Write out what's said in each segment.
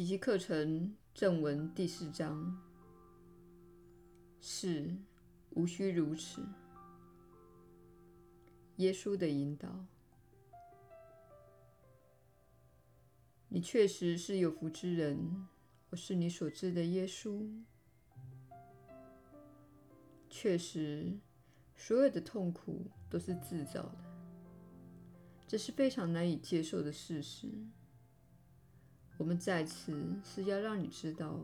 奇蹟課程正文第四章，是無需如此。耶穌的引導，你確實是有福之人。我是你所知的耶穌，確實，所有的痛苦都是自找的，這是非常難以接受的事實。我們在此是要讓你知道，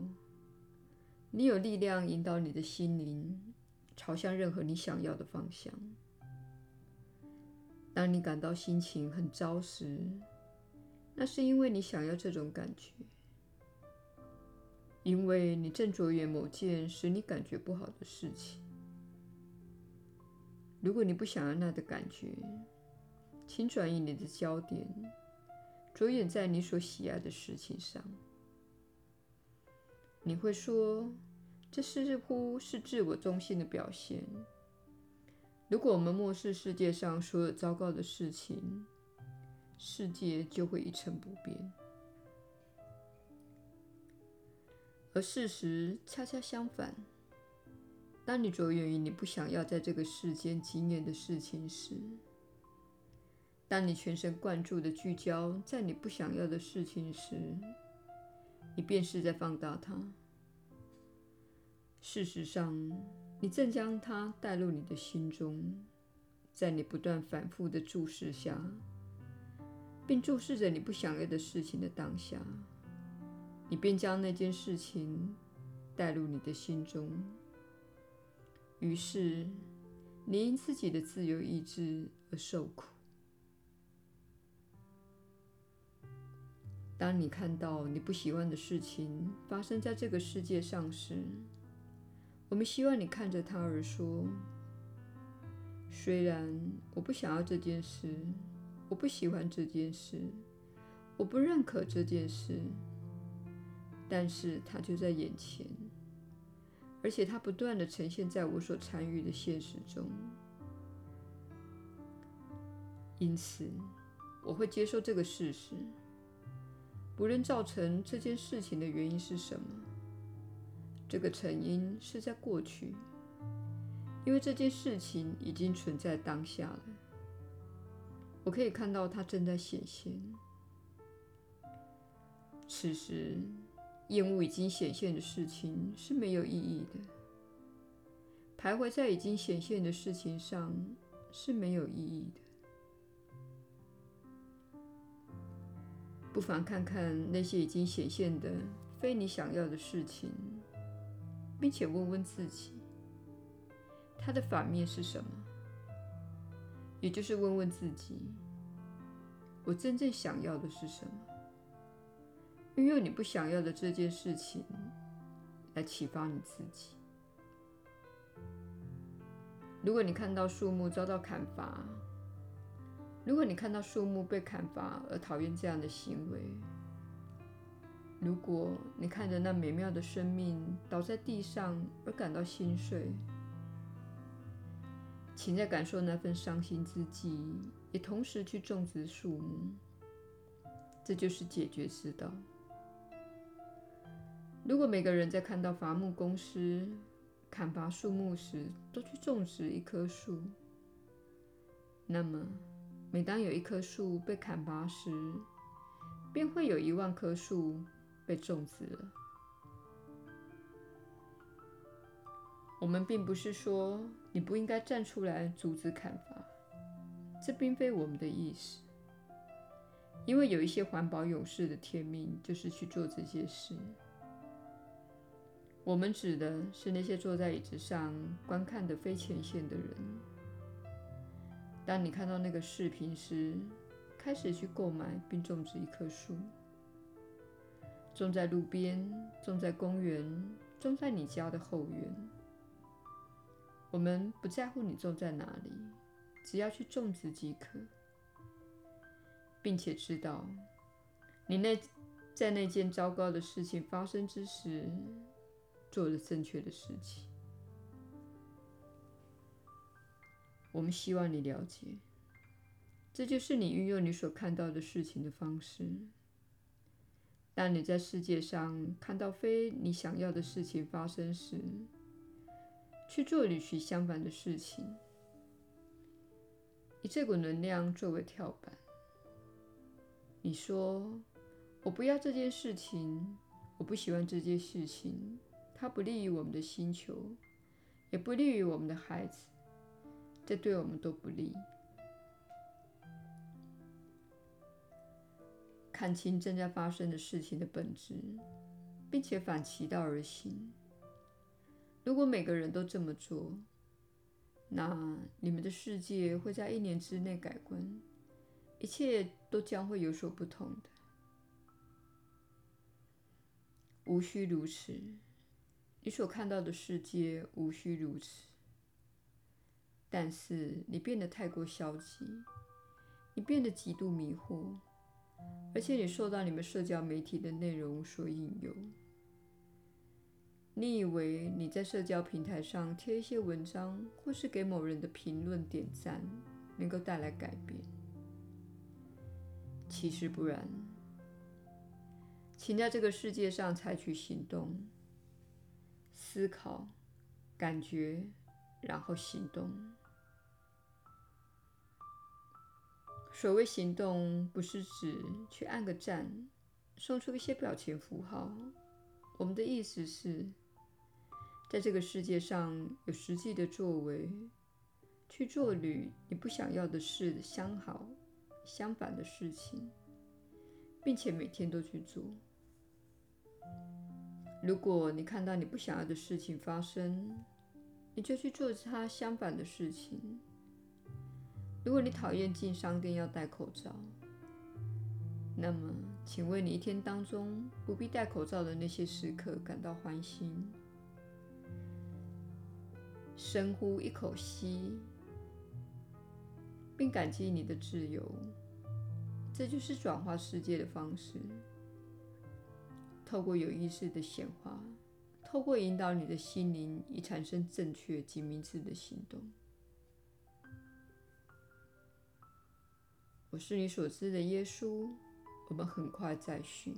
你有力量引導你的心靈朝向任何你想要的方向。當你感到心情很糟時，那是因為你想要這種感覺，因為你正着眼於某件使你感覺不好的事情。如果你不想要那樣的感覺，請轉移你的焦點。着眼在你所喜愛的事情上，你會說，這似乎是自我中心的表現。如果我們漠視世界上所有糟糕的事情，世界就會一成不變。而事實恰恰相反，當你着眼於你不想要在這個世間經驗的事情時，當你全神貫注地聚焦在你不想要的事情時，你便是在放大它。事實上，你正將它帶入你的心中，在你不斷反覆的注視下，並注視着你不想要的事情的當下，你便將那件事情帶入你的心中。於是，你因自己的自由意志而受苦。當你看到你不喜歡的事情發生在這個世界上時，我們希望你看着它而說：“雖然我不想要這件事，我不喜歡這件事，我不認可這件事，但是它就在眼前，而且它不斷地呈現在我所參與的現實中。因此，我會接受這個事實。”不論造成這件事情的原因是什麼，這個成因是在過去，因為這件事情已經存在當下了。我可以看到它正在顯現。此時，厭惡已經顯現的事情是沒有意義的。徘徊在已經顯現的事情上是沒有意義的。不妨看看那些已經顯現的非你想要的事情，並且問問自己，它的反面是什麼？也就是問問自己，我真正想要的是什麼？運用你不想要的這件事情來啟發你自己。如果你看到樹木遭到砍伐，如果你看到樹木被砍伐而討厭這樣的行為，如果你看着那美妙的生命倒在地上而感到心碎，請在感受那份傷心之際，也同時去種植樹木。這就是解決之道。如果每個人在看到伐木公司砍伐樹木時，都去種植一棵樹，那麼……每當有一棵樹被砍伐時，便會有一萬棵樹被種植了。我們並不是說你不應該站出來阻止砍伐，這並非我們的意思。因為有一些環保勇士的天命就是去做這些事。我們指的是那些坐在椅子上觀看的非前線的人。當你看到那個視頻時，開始去購買並種植一棵樹，種在路邊，種在公園，種在你家的後院。我們不在乎你種在哪裡，只要去種植即可，並且知道你那在那件糟糕的事情發生之時，做了正確的事情。我們希望你了解，這就是你運用你所看到的事情的方式。當你在世界上看到非你想要的事情發生時，去做與其相反的事情，以這股能量作為跳板。你說：“我不要這件事情，我不喜歡這件事情，它不利於我們的星球，也不利於我們的孩子。”這對我們都不利。看清正在發生的事情的本質，並且反其道而行。如果每個人都這麼做，那你們的世界會在一年之內改觀，一切都將會有所不同的。無需如此。你所看到的世界，無需如此。但是你變得太過消極，你變得極度迷惑，而且你受到你們社交媒體的內容所引誘。你以為你在社交平台上貼一些文章，或是給某人的評論點贊，能夠帶來改變？其實不然。請在這個世界上採取行動。思考，感覺。然後行動。所謂行動，不是指去按個讚、送出一些表情符號。我們的意思是，在這個世界上有實際的作為，去做與你不想要的事相好相反的事情，並且每天都去做。如果你看到你不想要的事情發生，你就去做它相反的事情。如果你討厭進商店要戴口罩，那麼，請為你一天當中不必戴口罩的那些時刻感到歡欣，深呼一口吸，並感激你的自由。這就是轉化世界的方式，透過有意識的顯化。透過引導你的心靈，以產生正確及明智的行動。我是你所知的耶穌。我們很快再續。